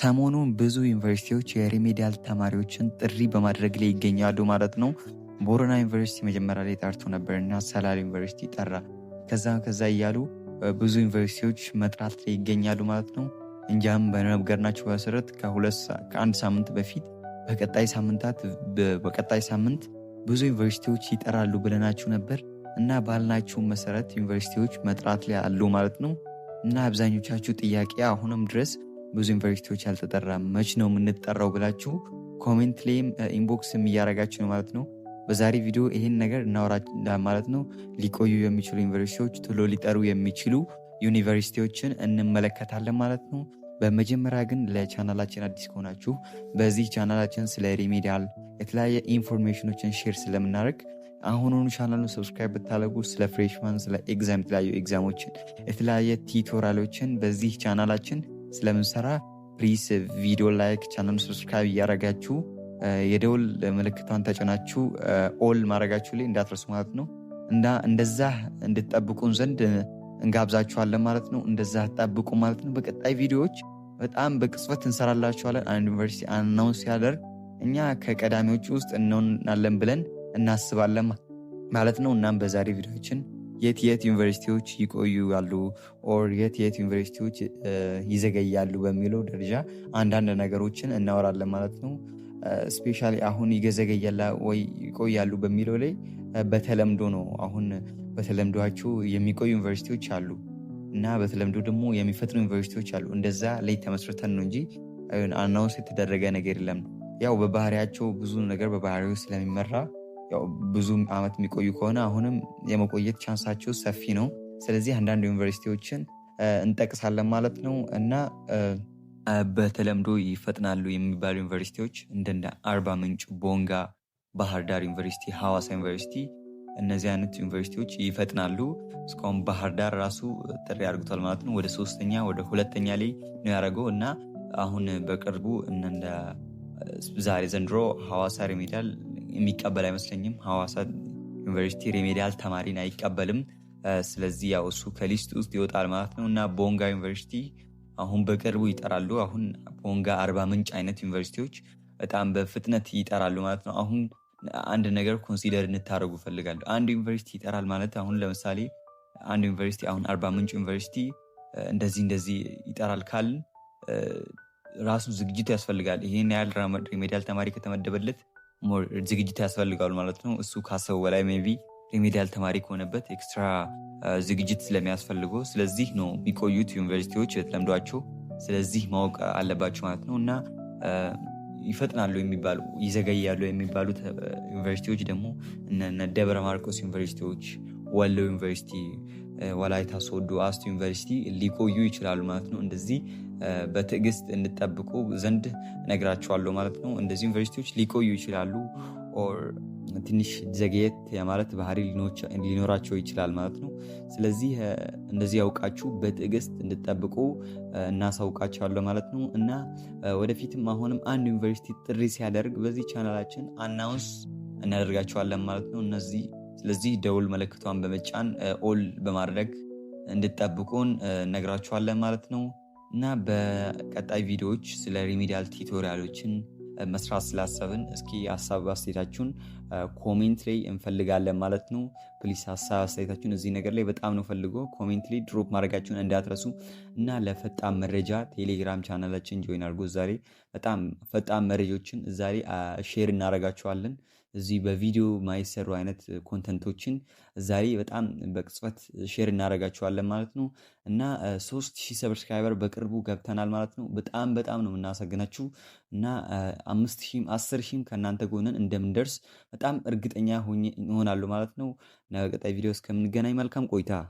ሰሞኑን ብዙ ዩኒቨርሲቲዎች የሪሜዲያል ተማሪዎችን ጥሪ በማድረግ ላይ ይገኛሉ ማለት ነው። ቦረና ዩኒቨርሲቲ መጀመሪያ ላይ ጠርቶ ነበር እና ሰላል ዩኒቨርሲቲ ጠራ። ከዛ ከዛ እያሉ ብዙ ዩኒቨርሲቲዎች መጥራት ላይ ይገኛሉ ማለት ነው። እንጃም በነገርናችሁ መሰረት ከአንድ ሳምንት በፊት በቀጣይ ሳምንታት በቀጣይ ሳምንት ብዙ ዩኒቨርሲቲዎች ይጠራሉ ብለናችሁ ነበር እና ባልናችሁ መሰረት ዩኒቨርሲቲዎች መጥራት ላይ አሉ ማለት ነው እና አብዛኞቻችሁ ጥያቄ አሁንም ድረስ ብዙ ዩኒቨርሲቲዎች አልተጠራም፣ መች ነው የምንጠራው ብላችሁ ኮሜንት ላይም ኢንቦክስ እያረጋችሁ ነው ማለት ነው። በዛሬ ቪዲዮ ይህን ነገር እናወራ ማለት ነው። ሊቆዩ የሚችሉ ዩኒቨርሲቲዎች፣ ቶሎ ሊጠሩ የሚችሉ ዩኒቨርሲቲዎችን እንመለከታለን ማለት ነው። በመጀመሪያ ግን ለቻናላችን አዲስ ከሆናችሁ በዚህ ቻናላችን ስለ ሪሜዲያል የተለያየ ኢንፎርሜሽኖችን ሼር ስለምናደርግ አሁኑኑ ቻናሉን ሰብስክራይብ ብታደረጉ ስለ ፍሬሽማን፣ ስለ ኤግዛም የተለያዩ ኤግዛሞችን የተለያየ ቲቶራሎችን በዚህ ቻናላችን ስለምንሰራ ፕሊስ ቪዲዮ ላይክ፣ ቻናል ሰብስክራይብ እያረጋችሁ የደውል ምልክቷን ተጭናችሁ ኦል ማድረጋችሁ ላይ እንዳትረሱ ማለት ነው እና እንደዛ እንድትጠብቁን ዘንድ እንጋብዛችኋለን ማለት ነው። እንደዛ ጠብቁ ማለት ነው። በቀጣይ ቪዲዮዎች በጣም በቅጽበት እንሰራላችኋለን። አንድ ዩኒቨርሲቲ አናውንስ ሲያደርግ እኛ ከቀዳሚዎች ውስጥ እንሆናለን ብለን እናስባለን ማለት ነው። እናም በዛሬ ቪዲዮችን የት የት ዩኒቨርሲቲዎች ይቆዩ ያሉ ኦር የት የት ዩኒቨርሲቲዎች ይዘገያሉ በሚለው ደረጃ አንዳንድ ነገሮችን እናወራለን ማለት ነው። ስፔሻሊ አሁን ይገዘገያላ ወይ ይቆያሉ በሚለው ላይ በተለምዶ ነው። አሁን በተለምዷቸው የሚቆዩ ዩኒቨርሲቲዎች አሉ እና በተለምዶ ደግሞ የሚፈጥኑ ዩኒቨርሲቲዎች አሉ። እንደዛ ላይ ተመስርተን ነው እንጂ አናውንስ የተደረገ ነገር የለም። ያው በባህሪያቸው ብዙ ነገር በባህሪው ስለሚመራ ብዙ ዓመት የሚቆዩ ከሆነ አሁንም የመቆየት ቻንሳቸው ሰፊ ነው። ስለዚህ አንዳንድ ዩኒቨርሲቲዎችን እንጠቅሳለን ማለት ነው እና በተለምዶ ይፈጥናሉ የሚባሉ ዩኒቨርሲቲዎች እንደነ አርባ ምንጭ፣ ቦንጋ፣ ባህር ዳር ዩኒቨርሲቲ፣ ሐዋሳ ዩኒቨርሲቲ እነዚህ አይነት ዩኒቨርሲቲዎች ይፈጥናሉ። እስካሁን ባህር ዳር ራሱ ጥሪ አድርግቷል ማለት ነው። ወደ ሶስተኛ ወደ ሁለተኛ ላይ ነው ያደረገው እና አሁን በቅርቡ ዛሬ ዘንድሮ ሐዋሳ ሪሜዲያል የሚቀበል አይመስለኝም። ሐዋሳ ዩኒቨርሲቲ ሪሜዲያል ተማሪን አይቀበልም። ስለዚህ ያው እሱ ከሊስት ውስጥ ይወጣል ማለት ነው እና ቦንጋ ዩኒቨርሲቲ አሁን በቅርቡ ይጠራሉ። አሁን ቦንጋ፣ አርባ ምንጭ አይነት ዩኒቨርሲቲዎች በጣም በፍጥነት ይጠራሉ ማለት ነው። አሁን አንድ ነገር ኮንሲደር እንታደረጉ ይፈልጋሉ አንድ ዩኒቨርሲቲ ይጠራል ማለት አሁን ለምሳሌ አንድ ዩኒቨርሲቲ አሁን አርባ ምንጭ ዩኒቨርሲቲ እንደዚህ እንደዚህ ይጠራል ካልን ራሱ ዝግጅቱ ያስፈልጋል። ይህን ያህል ሪሜዲያል ተማሪ ከተመደበለት ዝግጅት ያስፈልጋሉ ማለት ነው። እሱ ካሰቡ በላይ ሜይ ቢ ሪሜዲያል ተማሪ ከሆነበት ኤክስትራ ዝግጅት ስለሚያስፈልገው ስለዚህ ነው የሚቆዩት ዩኒቨርሲቲዎች የተለምዷቸው ስለዚህ ማወቅ አለባቸው ማለት ነው እና ይፈጥናሉ የሚባሉ ይዘገያሉ የሚባሉ ዩኒቨርሲቲዎች ደግሞ እነ ደብረ ማርቆስ ዩኒቨርሲቲዎች፣ ወሎ ዩኒቨርሲቲ ወላይታ ሶዶ አስቱ ዩኒቨርሲቲ ሊቆዩ ይችላሉ ማለት ነው። እንደዚህ በትዕግስት እንጠብቁ ዘንድ እነግራቸዋለሁ ማለት ነው። እንደዚህ ዩኒቨርሲቲዎች ሊቆዩ ይችላሉ ኦር ትንሽ ዘግየት የማለት ባህሪ ሊኖራቸው ይችላል ማለት ነው። ስለዚህ እንደዚህ ያውቃችሁ በትዕግስት እንድጠብቁ እናሳውቃቸዋለሁ ማለት ነው እና ወደፊትም አሁንም አንድ ዩኒቨርሲቲ ጥሪ ሲያደርግ በዚህ ቻናላችን አናውንስ እናደርጋቸዋለን ማለት ነው እነዚህ ለዚህ ደውል መለክቷን በመጫን ኦል በማድረግ እንድጠብቁን እነግራችኋለን ማለት ነው እና በቀጣይ ቪዲዮዎች ስለ ሪሚዲያል ቲዩቶሪያሎችን መስራት ስላሰብን እስኪ ሀሳብ አስተያየታችሁን ኮሜንት ላይ እንፈልጋለን ማለት ነው። ፕሊስ ሀሳብ አስተያየታችሁን እዚህ ነገር ላይ በጣም ነው ፈልጎ ኮሜንት ላይ ድሮፕ ማድረጋችሁን እንዳትረሱ እና ለፈጣን መረጃ ቴሌግራም ቻናላችን ጆይን አድርጎ ዛሬ በጣም ፈጣን መረጃዎችን ዛሬ ሼር እናደርጋችኋለን። እዚህ በቪዲዮ ማይሰሩ አይነት ኮንተንቶችን ዛሬ በጣም በቅጽበት ሼር እናደርጋችኋለን ማለት ነው እና ሶስት ሺህ ሰብስክራይበር በቅርቡ ገብተናል ማለት ነው። በጣም በጣም ነው የምናመሰግናችሁ እና አምስት ሺህም አስር ሺህም ከእናንተ ጎነን እንደምንደርስ በጣም እርግጠኛ ሆኜ እሆናለሁ ማለት ነው። እና በቀጣይ ቪዲዮ እስከምንገናኝ መልካም ቆይታ